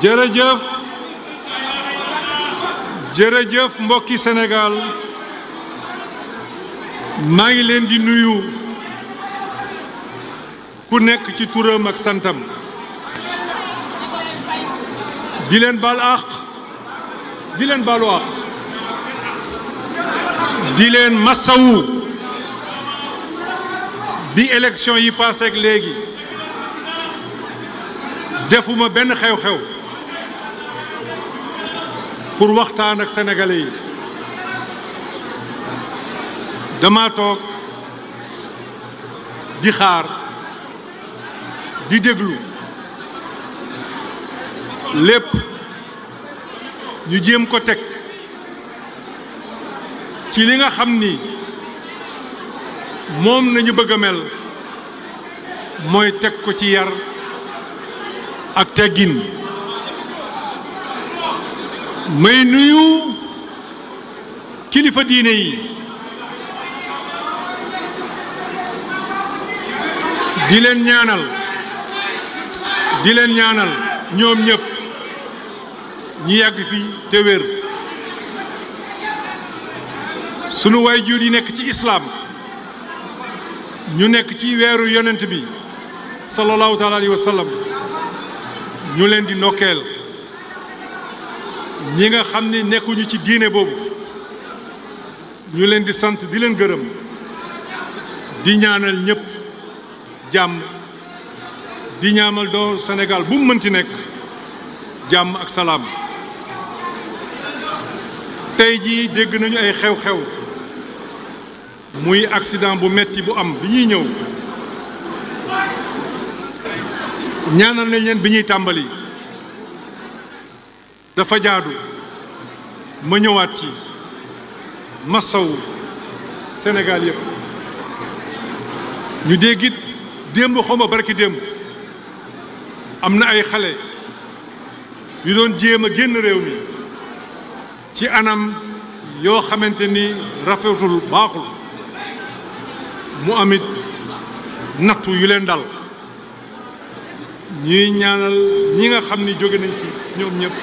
jërëjëf jërëjëf jërëjëf mbokki Sénégal maa ngi leen di nuyu ku nekk ci turam ak santam di leen baal àq di leen baalu bi élection yi passé léegi defuma benn xew-xew pour waxtaan ak senegale yi dama toog di xaar di déglu lépp ñu jéem ko teg ci li nga xam ni moom nañu bëgg a mel mooy teg ko ci yar ak teggine may nuyu kilifa diine yi di len ñaanal di len ñaanal ñom ñep ñi yag fi te wér sunu waajur yi nek ci islam ñu nek ci wëru yonent bi sallallahu taala alayhi wa sallam ñu leen di nokkeel ñi nga xam ni nekkuñu ci diine boobu ñu leen di sant di leen gërëm di ñaanal ñépp jàmm di ñaamal doo senegal bu mu mënti nekk jàmm ak salaam tey jii dégg nañu ay xew-xew muy accident bu metti bu am bi ñuy ñëw ñaanal nañ bi ñuy tàmbali dafa jaadu ma ñëwaat ci masawu Sénégal yëpp ñu dégg it démb xaw barki démb am na ay xale yu doon jéem a génn réew mi ci anam yoo xamante ni rafetul baaxul mu am it nattu yu leen dal ñuy ñaanal ñi nga xam ni jóge nañ fi ñoom ñépp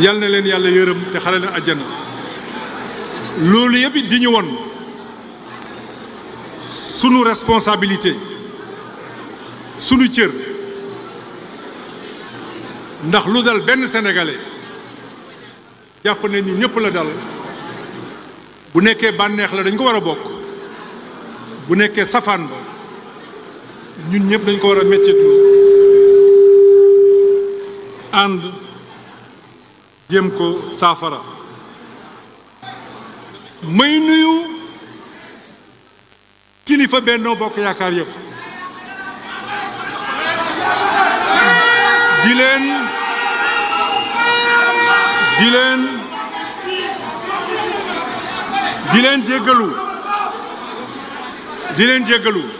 yal na leen yàlla yërëm te xale leen àjjana loolu yëpp di ñu won sunu responsabilité sunu cër ndax lu dal benn sénégalais jàpp ne ñépp la dal bu nekkee bànneex la dañ ko war a bokk bu nekkee safaan ba ñun ñëpp dañ ko war a méttitlu ànd jéem ko saafara may nuyu kilifa Benno Bokk Yaakaar yëpp di leen di leen di leen jéggalu di jéggalu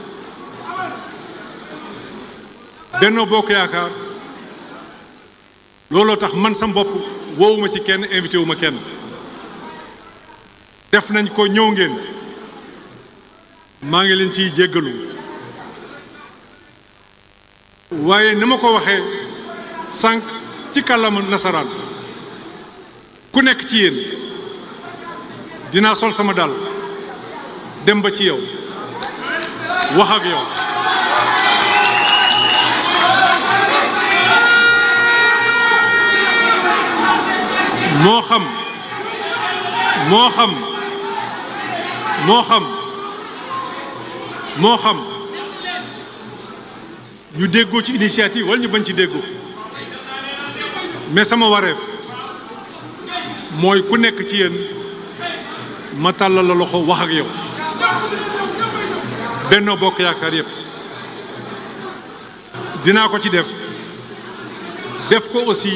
Benno Bokk Yaakaar looloo tax man sam bopp woowuma ci kenn invité wu ma kenn def nañ ko ñëw ngeen maa ngi leen ciy jéggalu waaye ni ma ko waxee sànq ci kàllaama nasaraan ku nekk ci yéen dinaa sol sama dàll dem ba ci yow wax yow moo xam moo xam moo xam moo xam ñu déggoo ci initiative wala ñu bañ ci déggoo mais sama wareef mooy ku nekk ci yéen ma tàllal la loxo wax ak yow Benno Bokk Yaakaar yëpp dinaa ko ci def def ko aussi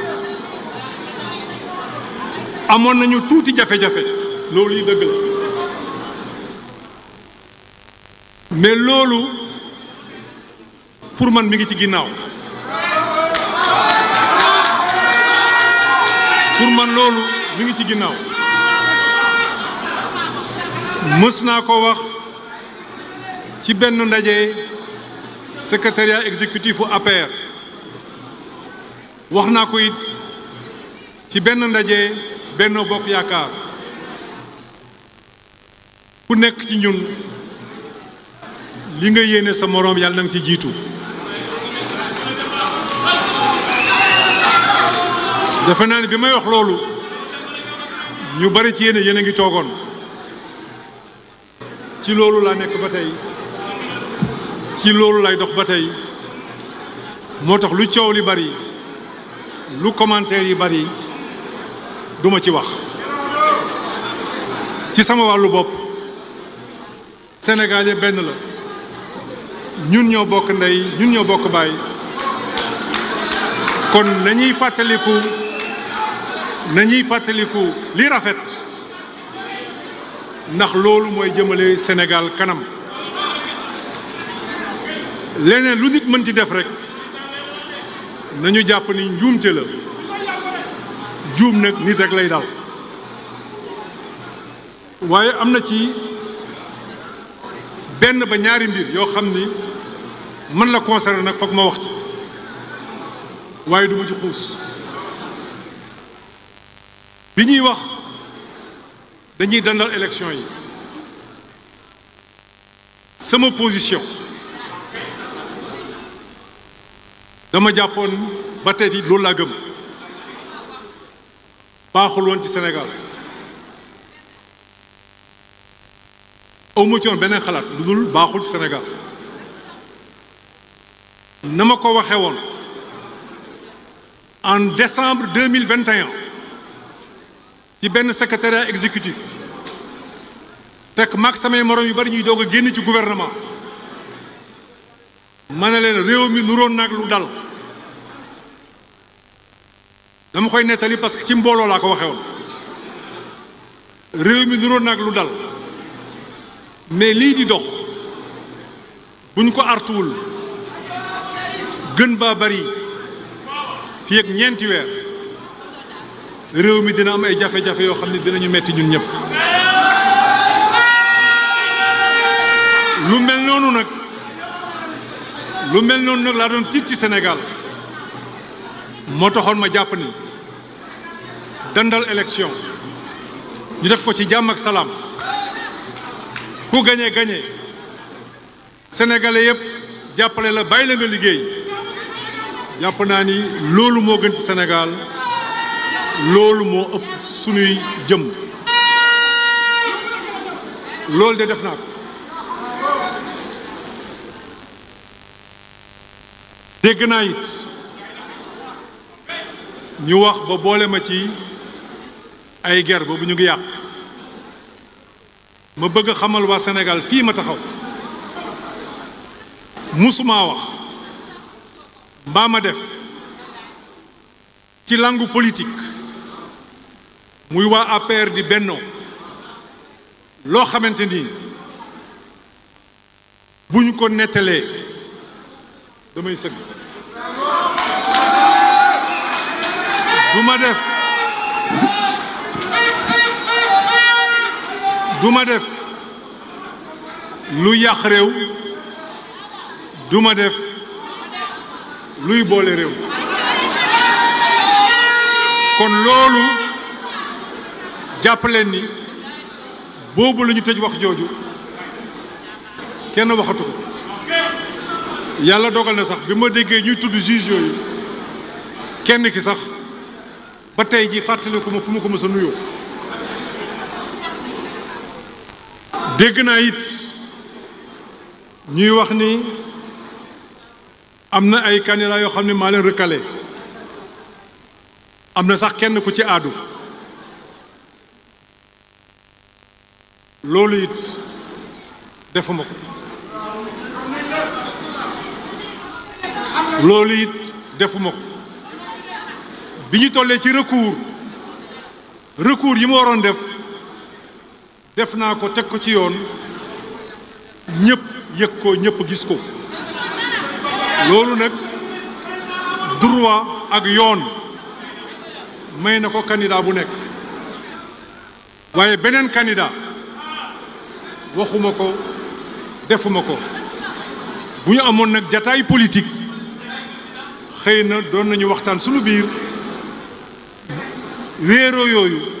amoon nañu tuuti jafe-jafe loolu yi dëgg la mais loolu pour man mi ngi ci ginnaaw pour man loolu mi ngi ci ginnaaw mës naa ko wax ci benn ndaje secrétariat exécutif u wax naa ko it ci benn ndaje Benno Bokk Yaakaar ku nekk ci ñun li nga yéene sa moroom yàlla na ci jiitu dafa naa ne bi may wax loolu ñu bare ci yéen yéen a ngi toogoon ci loolu laa nekk ba tey ci loolu lay dox ba tey moo tax lu coow li bari lu commentaire yi bari duma ci wax ci sama wàllu bopp Sénégal benn la ñun ñoo bokk ndey ñun ñoo bokk bàyyi kon nañuy fàttaliku nañuy fàttaliku li rafet ndax loolu mooy jëmale Sénégal kanam leneen lu nit mën ci def rek nañu jàpp ni njuumte la juum nag nit rek lay daal waaye am na ci benn ba ñaari mbir yoo xam ni man la concerné nag foog ma wax ci waaye du ma ci bi ñuy wax dañuy dandal élection yi sama position dama jàppoon ba tey di loolu laa gëm baaxul woon ci Sénégal awma beneen xalaat lu dul baaxul ci Sénégal na ma ko waxee woon en décembre 2021 ci benn secrétariat exécutif fekk maag samay morom yu bari ñuy doog a génn ci gouvernement ma ne leen réew mi nuroon nag lu dal dama koy nettali parce que ci mbooloo laa ko waxee woon réew mi niroon nag lu dal mais lii di dox buñ ko artuwul gën baa bari fii ak ñeenti weer réew mi dina am ay jafe-jafe yoo xam ne dinañu metti ñun ñëpp lu mel noonu nag lu mel noonu nag laa doon tiit ci senegal moo taxoon ma jàpp ni dëndal élection ñu def ko ci jàmm ak salaam ku gañe gañe sénégalais yëpp jàppale la bàyyi la nga liggéey jàpp naa ni loolu moo gën ci Sénégal loolu moo ëpp suñuy jëm loolu de def naa ko dégg naa it ñu wax ba boole ma ci ay guerre boobu ñu ngi yàq ma bëgg xamal wa Sénégal fi ma taxaw musuma wax ba ma def ci langue politique muy wa APR di benno lo xamanteni buñ ko netalé damay sëgg duma def duma def lu yàq réew duma def luy boole réew kon loolu jàpp leen ni boobu la ñu tëj wax jooju kenn waxatu ko yàlla dogal na sax bi ma déggee ñuy tudd juge yooyu kenn ki sax ba tey ji fàttaliku ma fu ma ko mës a nuyoo dégg naa it ñuy wax ni am na ay candidat yoo xam ne maa leen recalé am na sax kenn ku ci aadu loolu it defuma ko loolu it defuma ko bi ñu tollee ci recours recours yi ma waroon def def naa ko teg ko ci yoon ñëpp yëg ko ñëpp gis ko loolu nag droit ak yoon may na ko candidat bu nekk waaye beneen candidat waxuma ko defuma ko bu ñu amoon nag jataay politique xëy na doon nañu waxtaan sunu biir réero yooyu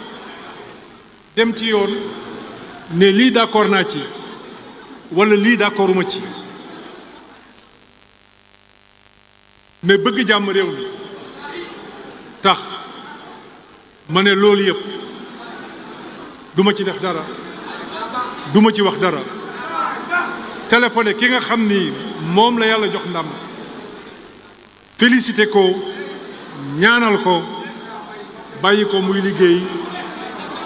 dem ci yoon ne lii d'accord naa ci walla lii d'accorduma ci mais bëgg jàmm réew mi tax ma ne loolu yëpp duma ci def dara duma ci wax dara téléphoné ki nga xam ni moom la yàlla jox ndam félicité ko ñaanal ko bàyyi ko muy liggéey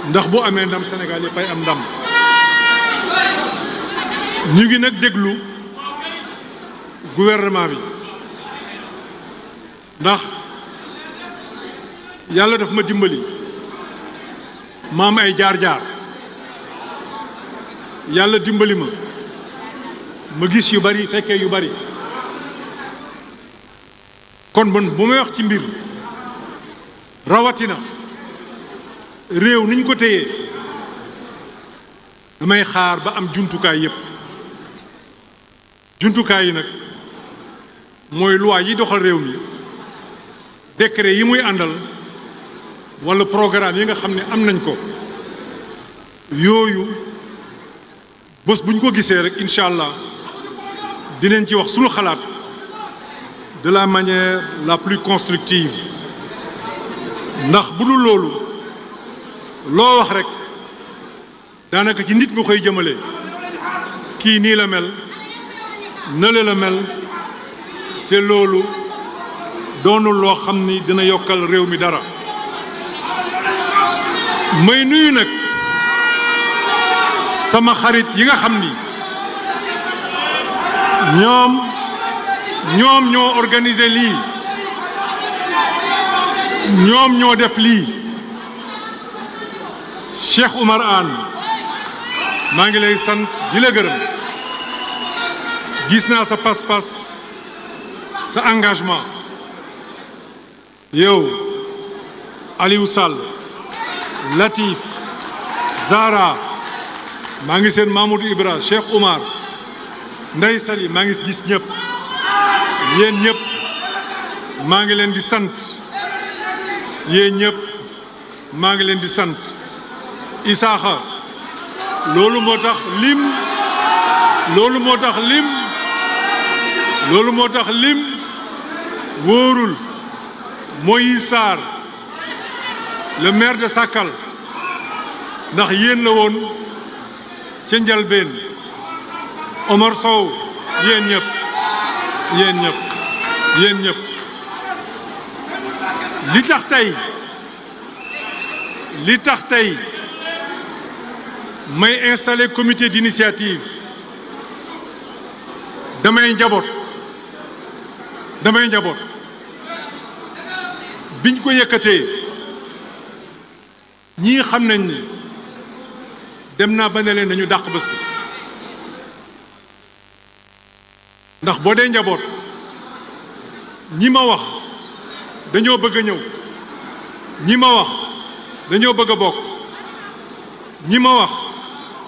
ndax boo amee ndam Sénégal yi fay am ndam ñu ngi nag déglu gouvernement bi ndax yàlla daf ma dimbali ma am ay jaar-jaar yàlla dimbali ma ma gis yu bari fekkee yu bari kon bon bu may wax ci mbir rawatina réew niñ ko téyee damay xaar ba am jumtukaay yépp jumtukaay yi nag mooy loi yi doxal réew mi décret yi muy àndal walla programme yi nga xam ne am nañ ko yooyu bés buñ ko gisee rek incha allah dinañ ci wax sunu xalaat de la manière la plus constructive ndax bu dul loolu loo wax rek daanaka ci nit nga koy jëmalee kii nii la mel nële la mel te loolu doonul loo xam ni dina yokkal réew mi dara may nuyu nag sama xarit yi nga xam ni ñoom ñoom ñoo organise lii ñoom ñoo def lii Cheikh Oumar Anne maa ngi lay sant di la gërëm gis naa sa pas-pas sa engagement yow Aliou sal Latif Zara maa ngi seen Mamoudou Ibra Cheikh Oumar Ndeye Sali maa ngi gis ñëpp yéen ñëpp maa ngi leen di sant yéen ñëpp maa ngi leen di sant isaaxa loolu moo tax lim loolu moo tax lim loolu moo tax lim wóorul Moïse Sarr le maire de Sakal ndax yéen la woon ca njalbeen Omar Sow yéen ñëpp yéen ñëpp yéen ñëpp li tax tey li tax tey may installer comité d'initiative damay njaboot damay jabor. biñ ko yëkkatee ñii xam ni dem naa ba ne leen nañu dàq bés bi ndax boo dee njaboot ñi ma wax dañoo bëgg a ñëw ñi ma wax dañoo bëgg a ñi ma wax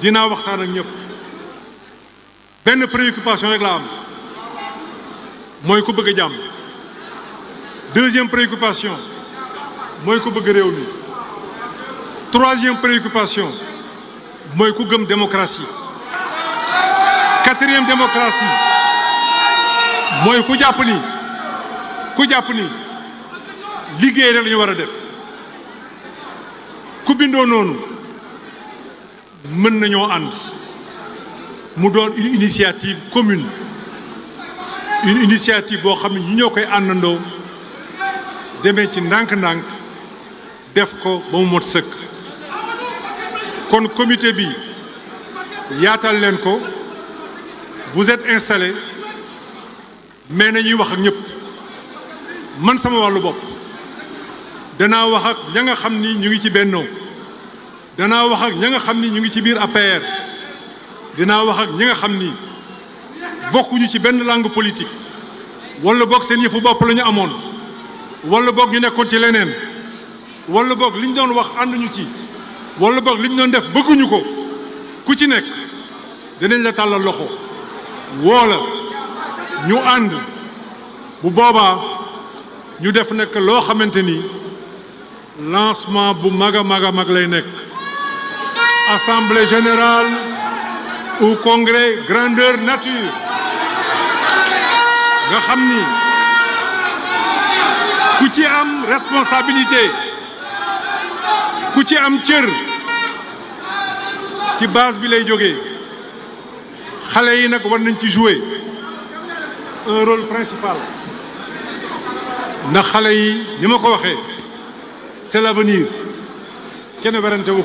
dina waxtaan ak ñëpp benn préoccupation rek la am mooy ku bëgg jàmm deuxième préoccupation mooy ku bëgg réew mi troisième préoccupation mooy ku gëm démocratie quatrième démocratie mooy ku jàpp ni ku jàpp ni liggéey rek la ñu def ku bindoo noonu mën nañoo ànd mu doon une initiative commune une initiative boo xam ne ñu ñoo koy àndandoo demee ci ndànk-ndànk def ko ba mu mot sëkk kon comité bi yaatal leen ko vous êtes installe mais nañuy wax ak ñëpp man sama wàllu bopp danaa wax ña nga xam ni ñu ngi ci bennoo dana wax ak ñinga xamni ñu ngi ci biir APR dina wax ak ñinga xamni bokku ñu ci benn langue politique wala bok seen yefu bop lañu amone wala bok ñu nekkon ci leneen wala bok liñ doon wax ànduñu ci wala bok liñ doon def bëgguñu ko ku ci nekk dinañ la talal loxo woola ñu and bu boba ñu def nek lo xamanteni ni lancement bu maga maga mag lay nekk Assemblée générale ou congrès grandeur nature nga xamni ku ci am responsabilité ku ci am cër ci base bi lay jógee xalé yi nak war nañ ci jouer un rôle principal Na xalé yi nima ko waxé c'est l'avenir kenn werante wu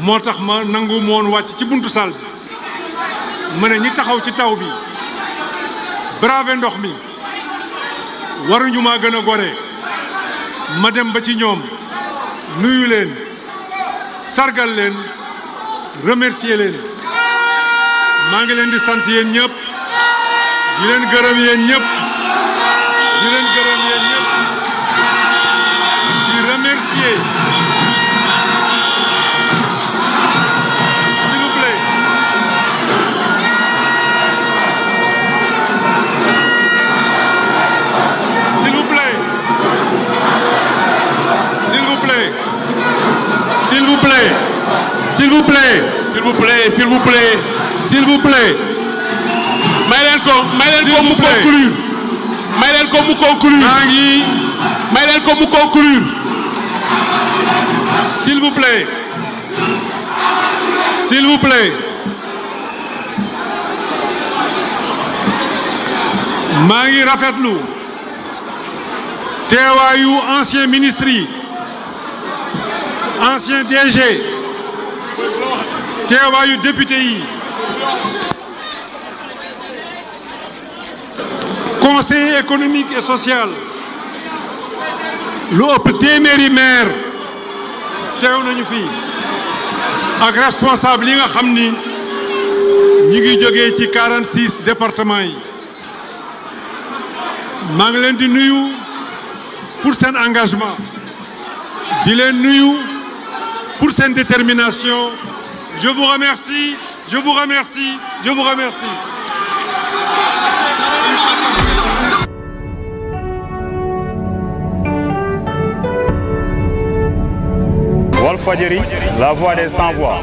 moo tax ma nangu moon wàcc ci buntu saal bi ma ne ñi taxaw ci taw bi brave ndox mi waruñu maa gën a gore ma dem ba ci ñoom nuyu leen sargal leen remercier leen maa ngi leen di sant yéen ñëpp di leen gërëm yéen ñëpp di leen gërëm yéen ñëpp di remercier vous plaît. S'il vous plaît. S'il vous plaît, s'il vous plaît. S'il vous plaît. vous plaît, conclure. vous s'il vous plaît. s'il vous plaît. Mangi vous plaît, ancien ministre ancien DG teewaayu député conseiller économique et social l'opté mairie maire Théo nañu responsable de nga xam 46 départements yi ngi pour son engagement di nuyu pour cette détermination. Je vous remercie, je vous remercie, je vous remercie. la voix des sans-voix.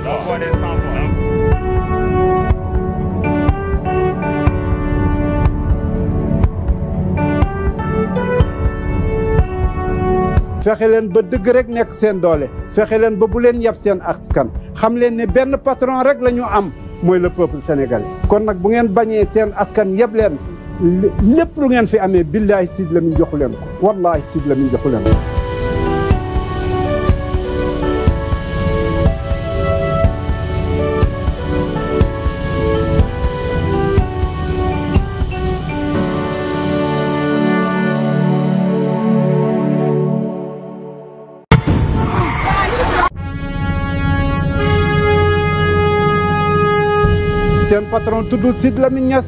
fexe leen ba dëgg rek nekk seen doole fexe leen ba bu leen yab seen askan xam leen ne benn patron rek la ñu am mooy le peuple sénégal kon nag bu ngeen bañee seen askan yëpp leen lépp lu ngeen fi amee billahi Sidy Lamine joxu leen ko wallahi la Lamine joxu leen tuddul Sidy Lamine Niass